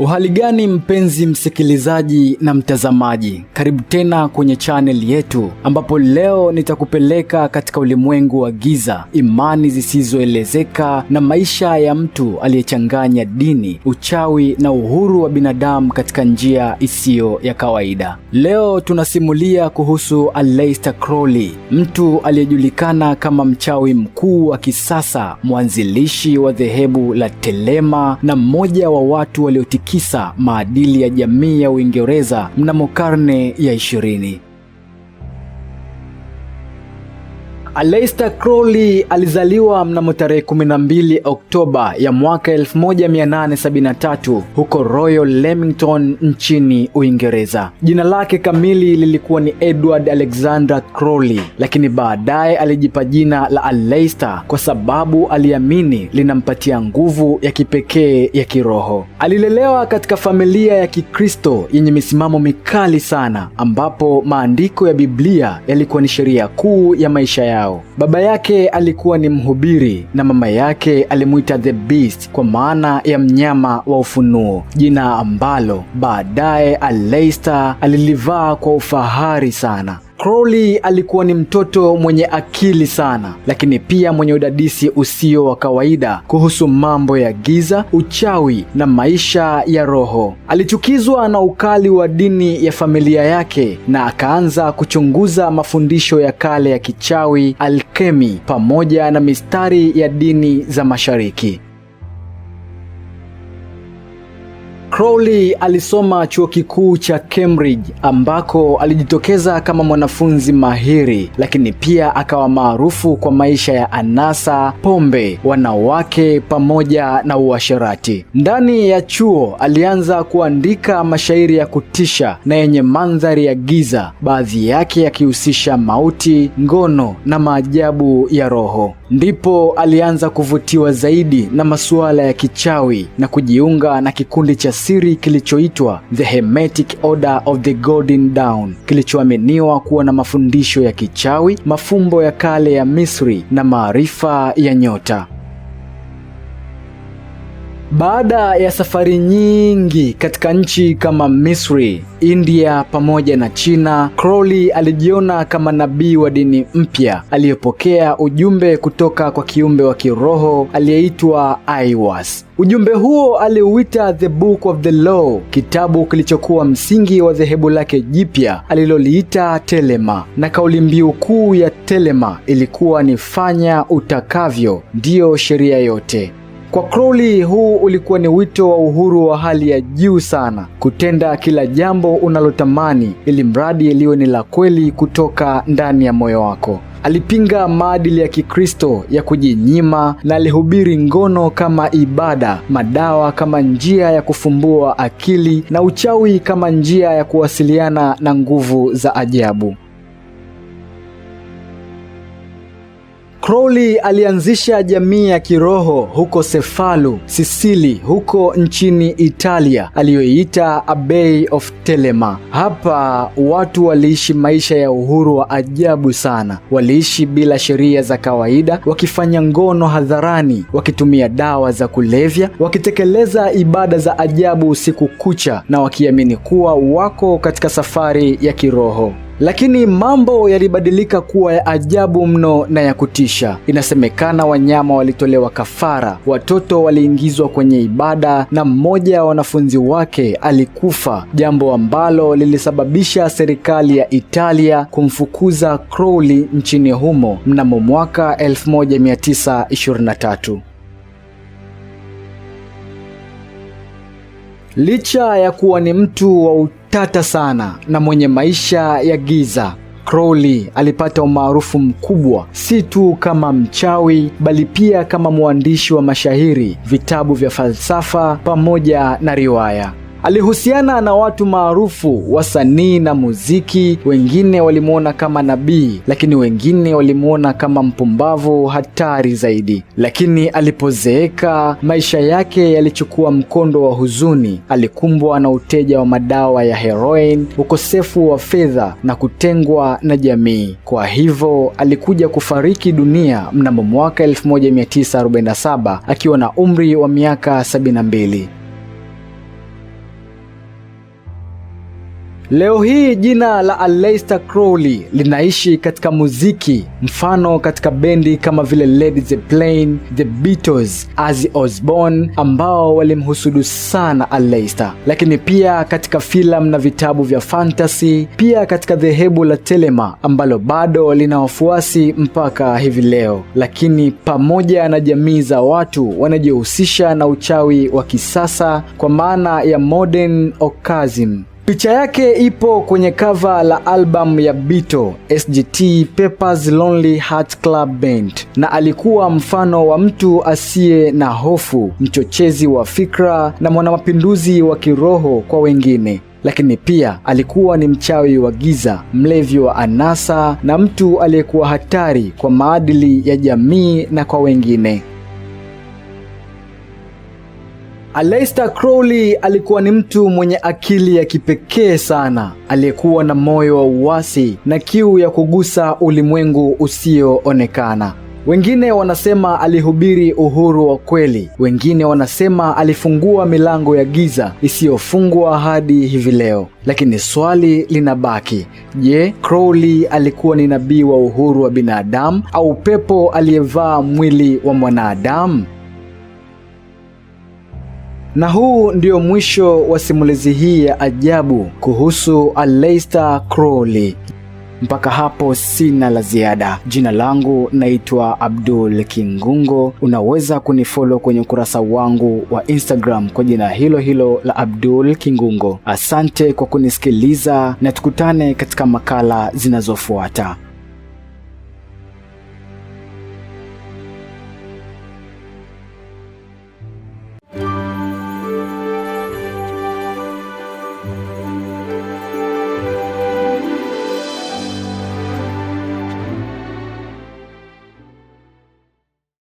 Uhali gani mpenzi msikilizaji na mtazamaji, karibu tena kwenye chaneli yetu ambapo leo nitakupeleka katika ulimwengu wa giza, imani zisizoelezeka na maisha ya mtu aliyechanganya dini, uchawi na uhuru wa binadamu katika njia isiyo ya kawaida. Leo tunasimulia kuhusu Aleister Crowley, mtu aliyejulikana kama mchawi mkuu wa kisasa, mwanzilishi wa dhehebu la Telema na mmoja wa watu walio kisa maadili ya jamii ya Uingereza mnamo karne ya ishirini. Aleister Crowley alizaliwa mnamo tarehe 12 Oktoba ya mwaka 1873 huko Royal Leamington nchini Uingereza. Jina lake kamili lilikuwa ni Edward Alexander Crowley, lakini baadaye alijipa jina la Aleister kwa sababu aliamini linampatia nguvu ya kipekee ya kiroho. Alilelewa katika familia ya Kikristo yenye misimamo mikali sana ambapo maandiko ya Biblia yalikuwa ni sheria kuu ya maisha yao yao. Baba yake alikuwa ni mhubiri na mama yake alimwita The Beast kwa maana ya mnyama wa ufunuo, jina ambalo baadaye Aleister alilivaa kwa ufahari sana. Crowley alikuwa ni mtoto mwenye akili sana, lakini pia mwenye udadisi usio wa kawaida kuhusu mambo ya giza, uchawi na maisha ya roho. Alichukizwa na ukali wa dini ya familia yake na akaanza kuchunguza mafundisho ya kale ya kichawi, alkemi pamoja na mistari ya dini za Mashariki. Crowley alisoma chuo kikuu cha Cambridge ambako alijitokeza kama mwanafunzi mahiri, lakini pia akawa maarufu kwa maisha ya anasa, pombe, wanawake pamoja na uasherati. Ndani ya chuo alianza kuandika mashairi ya kutisha na yenye mandhari ya giza, baadhi yake yakihusisha mauti, ngono na maajabu ya roho ndipo alianza kuvutiwa zaidi na masuala ya kichawi na kujiunga na kikundi cha siri kilichoitwa The Hermetic Order of the Golden Dawn kilichoaminiwa kuwa na mafundisho ya kichawi, mafumbo ya kale ya Misri na maarifa ya nyota. Baada ya safari nyingi katika nchi kama Misri, India pamoja na China, Crowley alijiona kama nabii wa dini mpya aliyopokea ujumbe kutoka kwa kiumbe wa kiroho aliyeitwa Aiwas. Ujumbe huo aliuita The Book of the Law, kitabu kilichokuwa msingi wa dhehebu lake jipya aliloliita Telema, na kauli mbiu kuu ya Telema ilikuwa ni fanya utakavyo, ndiyo sheria yote. Kwa Crowley huu ulikuwa ni wito wa uhuru wa hali ya juu sana, kutenda kila jambo unalotamani ili mradi iliwe ni la kweli kutoka ndani ya moyo wako. Alipinga maadili ya Kikristo ya kujinyima na alihubiri ngono kama ibada, madawa kama njia ya kufumbua akili na uchawi kama njia ya kuwasiliana na nguvu za ajabu. Crowley alianzisha jamii ya kiroho huko Cefalu, Sisili, huko nchini Italia aliyoiita Abbey of Telema. Hapa watu waliishi maisha ya uhuru wa ajabu sana. Waliishi bila sheria za kawaida, wakifanya ngono hadharani, wakitumia dawa za kulevya, wakitekeleza ibada za ajabu usiku kucha na wakiamini kuwa wako katika safari ya kiroho. Lakini mambo yalibadilika kuwa ya ajabu mno na ya kutisha. Inasemekana wanyama walitolewa kafara, watoto waliingizwa kwenye ibada na mmoja wa wanafunzi wake alikufa, jambo ambalo lilisababisha serikali ya Italia kumfukuza Crowley nchini humo mnamo mwaka 1923. Licha ya kuwa ni mtu wa tata sana na mwenye maisha ya giza, Crowley alipata umaarufu mkubwa si tu kama mchawi bali pia kama mwandishi wa mashairi, vitabu vya falsafa pamoja na riwaya. Alihusiana na watu maarufu, wasanii na muziki. Wengine walimwona kama nabii, lakini wengine walimwona kama mpumbavu hatari zaidi. Lakini alipozeeka, maisha yake yalichukua mkondo wa huzuni. Alikumbwa na uteja wa madawa ya heroin, ukosefu wa fedha na kutengwa na jamii. Kwa hivyo alikuja kufariki dunia mnamo mwaka 1947 akiwa na umri wa miaka 72. Leo hii jina la Aleister Crowley linaishi katika muziki, mfano katika bendi kama vile Led Zeppelin, The Beatles, Ozzy Osbourne ambao walimhusudu sana Aleister, lakini pia katika filamu na vitabu vya fantasy, pia katika dhehebu la Telema ambalo bado lina wafuasi mpaka hivi leo, lakini pamoja na jamii za watu wanajihusisha na uchawi wa kisasa kwa maana ya modern occultism. Picha yake ipo kwenye cover la album ya bito SGT Pepper's Lonely Heart Club Band, na alikuwa mfano wa mtu asiye na hofu, mchochezi wa fikra na mwanamapinduzi wa kiroho kwa wengine lakini pia alikuwa ni mchawi wa giza, mlevi wa anasa na mtu aliyekuwa hatari kwa maadili ya jamii na kwa wengine. Aleister Crowley alikuwa ni mtu mwenye akili ya kipekee sana, aliyekuwa na moyo wa uasi na kiu ya kugusa ulimwengu usioonekana. Wengine wanasema alihubiri uhuru wa kweli, wengine wanasema alifungua milango ya giza isiyofungwa hadi hivi leo. Lakini swali linabaki, je, Crowley alikuwa ni nabii wa uhuru wa binadamu au pepo aliyevaa mwili wa mwanadamu? Na huu ndio mwisho wa simulizi hii ya ajabu kuhusu Aleister Crowley. Mpaka hapo sina la ziada. Jina langu naitwa Abdul Kingungo. Unaweza kunifollow kwenye ukurasa wangu wa Instagram kwa jina hilo hilo la Abdul Kingungo. Asante kwa kunisikiliza na tukutane katika makala zinazofuata.